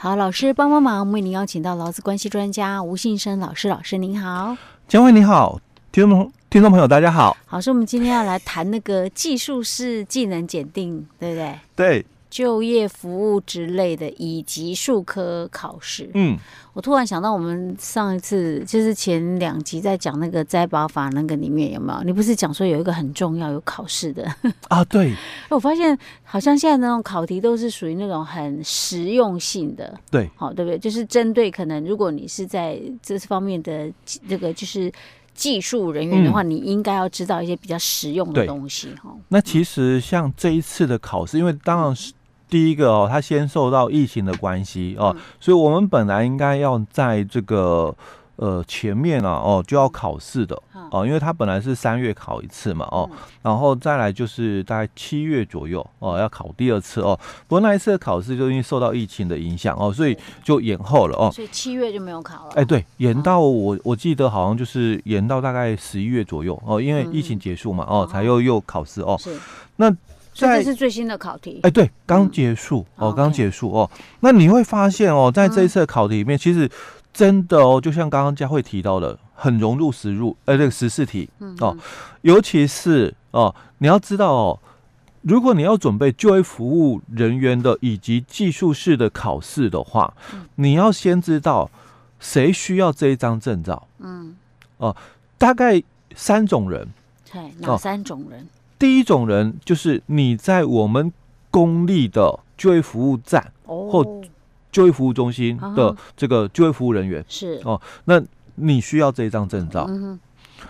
好，老師幫幫忙，為您邀請到勞資關係專家吳信生老師。老師您好，姜偉你好，聽眾聽眾朋友大家好。老師，所以我們今天要來談那個技術士技能檢定， 對不對？對。就業服務之類的，以及術科考試。嗯，我突然想到，我們上一次就是前兩集在講那個災保法，那個裡面有沒有？你不是講說有一個很重要有考試的啊？對。 我發現好像現在那種考題都是屬於那種很實用性的，對，好，哦，對不對？就是針對可能如果你是在這方面的這個就是技術人員的話，嗯、你應該要知道一些比較實用的東西哈。對哦、那其實像這一次的考試，因為當然是。第一個哦，他先受到疫情的關係哦，啊嗯、所以我們本來應該要在這個呃前面啊，哦、啊、就要考試的哦、嗯嗯啊，因為他本來是三月考一次嘛哦，啊嗯、然後再來就是大概七月左右哦、啊、要考第二次哦、啊，不過那一次的考試就因為受到疫情的影響哦、啊，所以就延後了哦，啊、所以七月就沒有考了。哎，欸、對，延到我、啊、我記得好像就是延到大概十一月左右哦、啊，因為疫情結束嘛哦、啊、才又又考試哦、啊嗯啊，是那。在所以這是最新的考題，哎，欸、對，剛結束哦，剛結束哦。那你會發現哦、喔，在這一次的考題裡面，嗯、其實真的哦、喔，就像剛剛佳慧提到的，很融入實入，哎、欸，那個十四題哦、嗯嗯喔，尤其是哦、喔，你要知道哦、喔，如果你要準備就業服務人員的以及技術式的考試的話，嗯、你要先知道誰需要這一張證照，嗯，哦、喔，大概三種人，對哪三種人？喔嗯第一種人就是你在我們公立的就業服務站或就業服務中心的這個就業服務人員哦，是哦，那你需要這一張證照。嗯哼。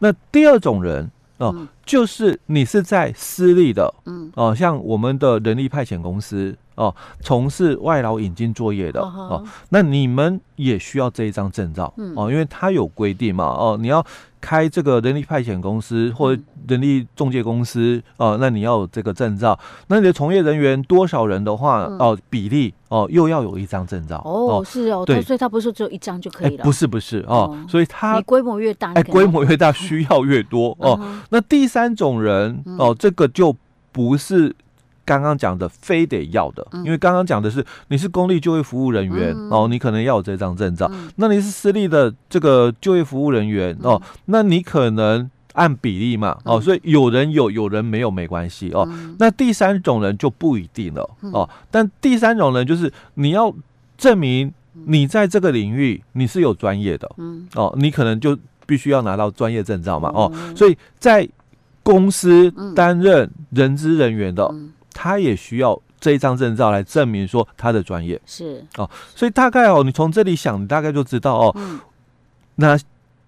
那第二種人哦。嗯就是你是在私立的，嗯哦，像我們的人力派遣公司哦，從事外勞引進作業的哦、啊，那你們也需要這一張證照哦、啊，因為它有規定嘛哦、啊，你要開這個人力派遣公司或者人力中介公司哦、啊，那你要有這個證照，那你的從業人員多少人的話哦、啊，比例哦、啊、又要有一張證照哦，是哦，對，所以它不是說只有一張就可以了，不是不是哦、啊，所以它規模越大哎，規模越大需要越多哦、啊，那第三。三種人哦，這個就不是剛剛講的非得要的，因為剛剛講的是你是公立就業服務人員哦，你可能要有這張證照；那你是私立的這個就業服務人員哦，那你可能按比例嘛哦，所以有人有，有人沒有沒關係哦。那第三種人就不一定了哦，但第三種人就是你要證明你在這個領域你是有專業的哦，你可能就必須要拿到專業證照嘛哦，所以在。公司擔任人資人員的，他也需要這一張證照來證明說他的專業是哦，所以大概哦，你從這裡想，你大概就知道哦，哪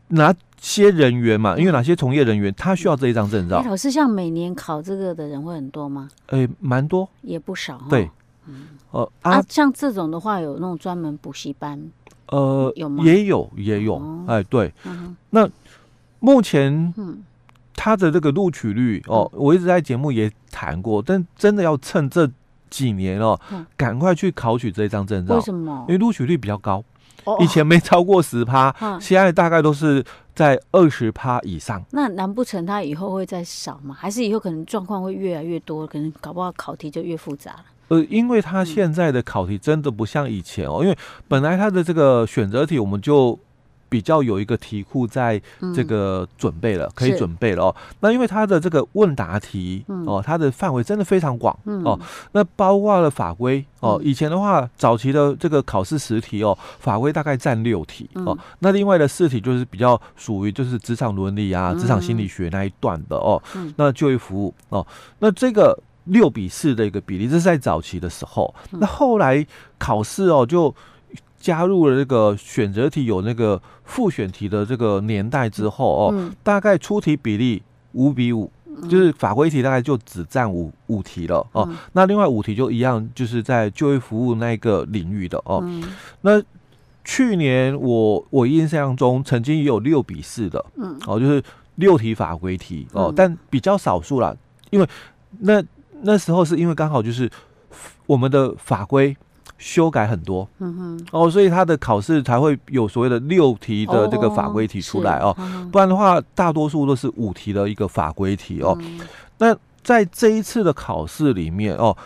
哪些人員嘛，因為哪些從業人員他需要這一張證照。老師，像每年考這個的人會很多嗎？誒，蠻多，也不少。對，呃啊，像這種的話，有那種專門補習班，呃，有嗎？也有，也有。哎，對，那目前，嗯。他的這個錄取率哦，我一直在節目也談過，嗯、但真的要趁這幾年哦，趕、嗯、快去考取這張證照。為什麼？因為錄取率比較高，哦、以前沒超過十趴，哦、現在大概都是在二十趴以上。嗯、以上那難不成他以後會再少嗎？還是以後可能狀況會越來越多，可能搞不好考題就越複雜了？呃，因為他現在的考題真的不像以前哦，嗯、因為本來他的這個選擇題我們就。比較有一個題庫在這個準備了，嗯、可以準備了哦。是那因為它的這個問答題、嗯、哦，它的範圍真的非常廣、嗯、哦。那包括了法規哦，嗯、以前的話早期的這個考試十題哦，法規大概占六題、嗯、哦。那另外的四題就是比較屬於就是職場倫理啊、職、嗯、場心理學那一段的哦。嗯、那就業服務哦，那這個六比四的一個比例，這是在早期的時候。那後來考試哦就。加入了這個選擇題有那個複選題的這個年代之後哦，嗯嗯、大概出題比例五比五、嗯，就是法規題大概就只佔五五題了哦。嗯、那另外五題就一樣，就是在就業服務那個領域的哦。嗯、那去年我我印象中曾經也有六比四的，哦，嗯、就是六題法規題哦，嗯、但比較少數了，因為那那時候是因為剛好就是我們的法規。修改很多，嗯哼，哦，所以他的考試才會有所謂的六題的這個法規題出來哦，哦嗯、不然的話，大多數都是五題的一個法規題哦。那、嗯、在這一次的考試裡面哦，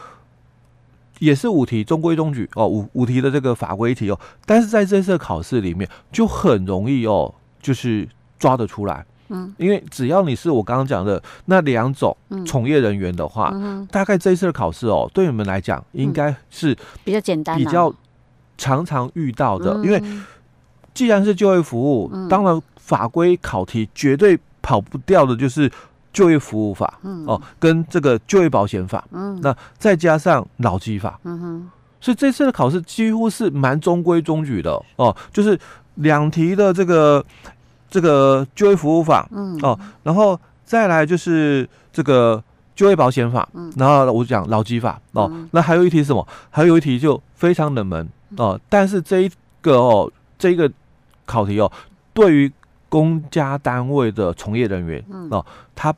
也是五題中規中矩哦，五五題的這個法規題哦，但是在這次的考試裡面就很容易哦，就是抓得出來。嗯，因為只要你是我剛剛講的那兩種從業人員的話，嗯嗯、大概這一次的考試哦，對你們來講應該是比較簡單、比較常常遇到的。嗯嗯、因為既然是就業服務，嗯、當然法規考題絕對跑不掉的，就是《就業服務法》嗯、哦，跟這個《就業保險法》。嗯，那再加上《勞基法》。嗯哼，所以這次的考試幾乎是蠻中規中矩的哦，就是兩題的這個。這個就業服務法，嗯，哦，然後再來就是這個就業保險法，嗯，然後我講勞基法，哦，那還有一題是什麼？還有一題就非常冷門，哦，但是這一個哦，這一個考題哦，對於公家單位的從業人員，哦，他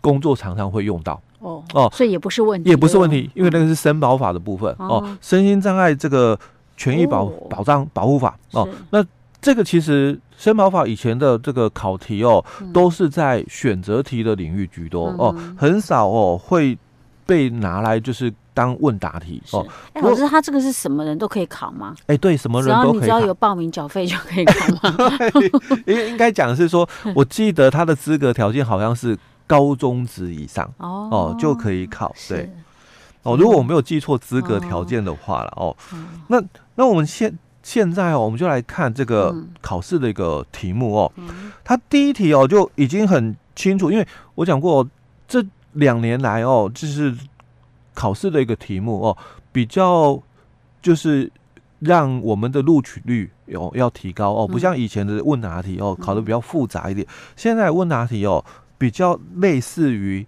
工作常常會用到，哦，哦，所以也不是問題，也不是問題，因為那個是申保法的部分，哦，身心障礙這個權益保保障保護法，哦，那這個其實。申保法以前的這個考題哦，都是在選擇題的領域居多哦，很少哦會被拿來就是當問答題哦。可是他這個是什麼人都可以考嗎？哎，對，什麼人都可以考，只要有報名繳費就可以考嗎？應應該講的是說，我記得他的資格條件好像是高中職以上哦，就可以考。對，哦，如果我沒有記錯資格條件的話了哦，那那我們先。現在哦，我們就來看這個考試的一個題目哦。他、嗯嗯、第一題哦就已經很清楚，因為我講過這兩年來哦，就是考試的一個題目哦，比較就是讓我們的錄取率有、哦、要提高哦，不像以前的問答題哦、嗯、考的比較複雜一點，現在問答題哦比較類似於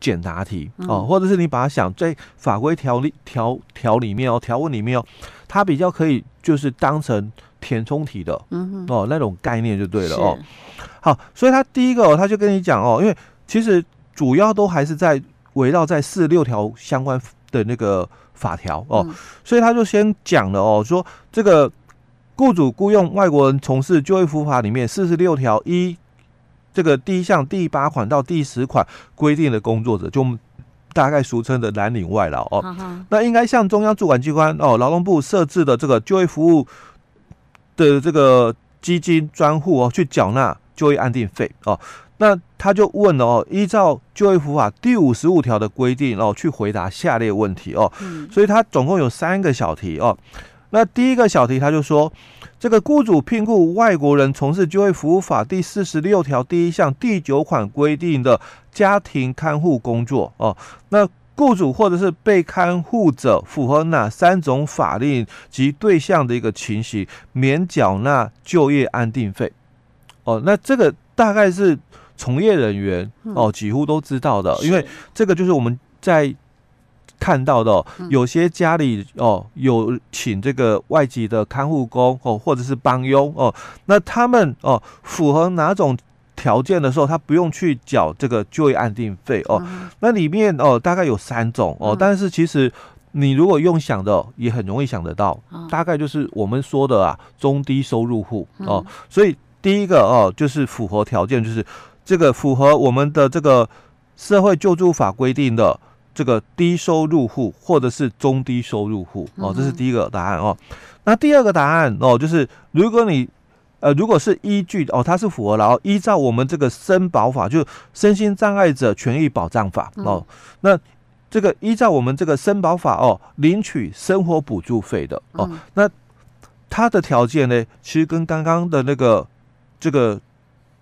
簡答題哦，嗯、或者是你把它想在法規條例條條裡面哦，條文裡面哦。它比較可以就是當成填充體的，嗯、哼哦，那種概念就對了哦。是好，所以他第一個、哦、他就跟你講哦，因為其實主要都還是在圍繞在四十六條相關的那個法條哦，嗯、所以他就先講了哦，說這個雇主雇傭外國人從事就業服務法裡面四十六條一這個第一項第八款到第十款規定的工作者就。大概俗稱的藍領外勞哦，好，好，那應該向中央主管機關哦，勞動部設置的這個就業服務的這個基金專戶哦，去繳納就業安定費哦。那他就問了哦，依照就業服務法第五十五條的規定哦，去回答下列問題哦。嗯、所以他總共有三個小題哦。那第一個小題他就說。這個雇主聘僱外國人從事就業服務法第四十六條第一項第九款規定的家庭看護工作哦、呃，那雇主或者是被看護者符合哪三種法令及對象的一個情形，免繳納就業安定費哦、呃？那這個大概是從業人員哦、呃，幾乎都知道的，嗯、因為這個就是我們在。看到的有些家裡哦、呃、有請這個外籍的看護工哦或者是幫傭哦，那他們哦、呃、符合哪種條件的時候，他不用去繳這個就業安定費哦？呃嗯、那裡面哦、呃、大概有三種哦，呃嗯、但是其實你如果用想的也很容易想得到，大概就是我們說的啊中低收入戶哦，呃嗯、所以第一個哦、呃、就是符合條件就是這個符合我們的這個社會救助法規定的。這個低收入戶或者是中低收入戶哦，這是第一個答案哦。那第二個答案哦，就是如果你呃如果是依據哦，它是符合了哦，依照我們這個身保法，就身心障礙者權益保障法哦，嗯、那這個依照我們這個身保法哦，領取生活補助費的哦，嗯、那它的條件呢，其實跟剛剛的那個這個。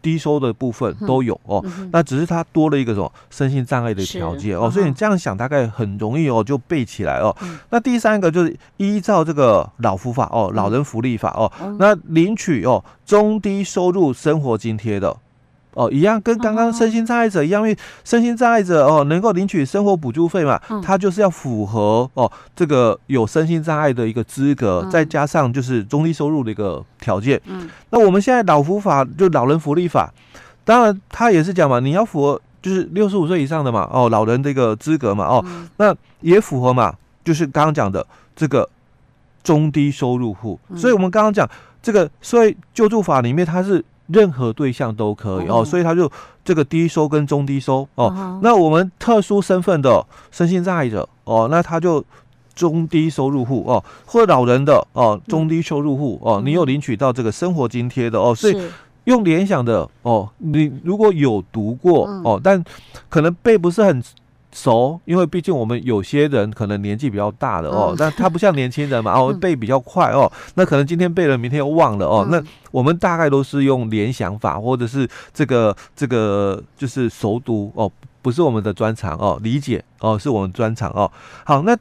低收的部分都有哦，嗯、哼那只是它多了一個種身心障礙的條件哦，是所以你這樣想大概很容易哦，就背起來哦。嗯、那第三個就是依照這個老福法哦，老人福利法哦，嗯、那領取哦中低收入生活津貼的哦，一樣跟剛剛身心障礙者一樣，因為身心障礙者哦能夠領取生活補助費嘛，他、嗯、就是要符合哦這個有身心障礙的一個資格，嗯、再加上就是中低收入的一個條件。嗯、那我們現在老福法就老人福利法，當然他也是講嘛，你要符合就是六十五歲以上的嘛，哦老人這個資格嘛，哦、嗯、那也符合嘛，就是剛剛講的這個中低收入戶，所以我們剛剛講這個社會救助法裡面它是。任何對象都可以、嗯、哦，所以他就這個低收跟中低收哦。哦好那我們特殊身份的身心障礙者哦，那他就中低收入戶哦，或老人的哦，中低收入戶、嗯、哦，你有領取到這個生活津貼的、嗯、哦，所以用聯想的哦，你如果有讀過、嗯、哦，但可能背不是很熟，因為畢竟我們有些人可能年紀比較大的哦，那他不像年輕人嘛啊、哦、背比較快哦，那可能今天背了，明天又忘了哦。那我們大概都是用聯想法，或者是這個這個就是熟讀哦，不是我們的專長哦，理解哦是我們專長哦。好，那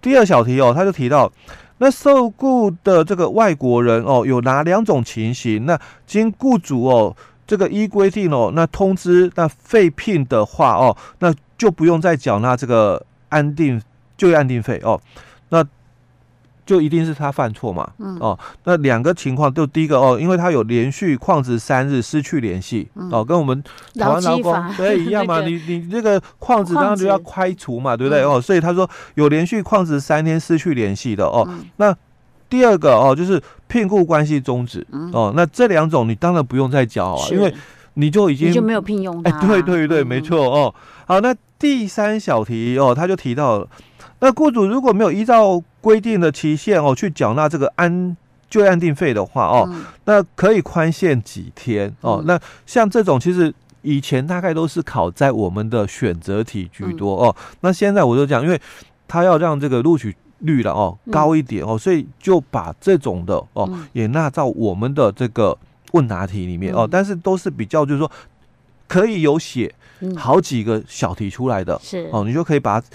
第二小題哦，他就提到那受僱的這個外國人哦，有哪兩種情形？那經僱主哦這個依規定哦，那通知那廢聘的話哦，那就不用再繳納這個安定就業安定費哦，那就一定是他犯錯嘛，嗯、哦，那兩個情況，就第一個哦，因為他有連續曠職三日失去聯繫、嗯、哦，跟我們台灣勞工對、欸、一樣嘛， 對對對你你這個曠職當然就要開除嘛，止對不對？哦，所以他說有連續曠職三天失去聯繫的哦，嗯、那第二個哦，就是聘僱關係終止、嗯、哦，那這兩種你當然不用再繳啊，是因為。你就已經你就沒有聘用了。哎，欸、對對對，沒錯哦。好，那第三小題哦，他就提到了，那僱主如果沒有依照規定的期限哦去繳納這個安就業安定費的話哦、嗯，那可以寬限幾天哦、嗯。那像這種其實以前大概都是考在我們的選擇題居多哦。那現在我就講，因為他要讓這個錄取率啦哦高一點哦，所以就把這種的哦也納到我們的這個。問答題裡面哦，但是都是比較，就是說可以有寫好幾個小題出來的。嗯、是哦，你就可以把它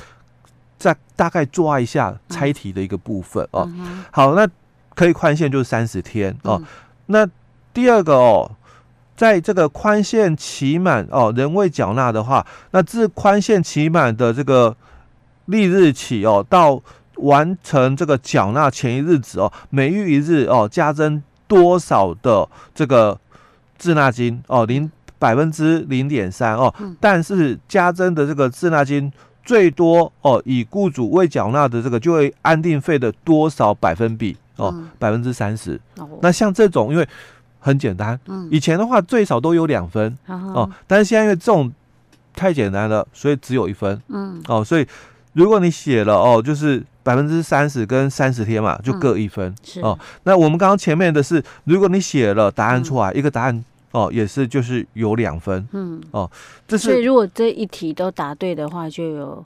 再大概抓一下猜題的一個部分、嗯、哦。嗯、好，那可以寬限就是三十天、嗯、哦。那第二個哦，在這個寬限期滿哦，仍未繳納的話，那自寬限期滿的這個翌日起哦，到完成這個繳納前一日止哦，每逾一日哦，加徵。多少的這個滯納金哦，零百分之零點三哦，呃嗯、但是加徵的這個滯納金最多哦、呃，以雇主未繳納的這個就業安定費的多少百分比、呃嗯、哦，百分之三十。那像這種因為很簡單，嗯、以前的話最少都有兩分哦、嗯呃，但是現在因為這種太簡單了，所以只有一分。嗯哦、呃，所以如果你寫了哦、呃，就是。百分之三十跟三十天嘛，就各一分哦。那我們剛剛前面的是，如果你寫了答案出來，一個答案哦，也是就是有兩分，嗯哦，所以如果這一題都答對的話，就有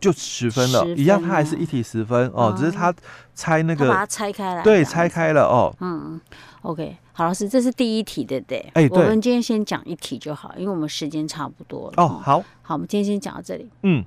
就十分了，一樣，它還是一題十分哦，只是它拆那個，把它拆開來，對，拆開了哦。嗯，OK，好，老師，這是第一題的，對，哎，我們今天先講一題就好，因為我們時間差不多了。哦，好，好，我們今天先講到這裡，嗯。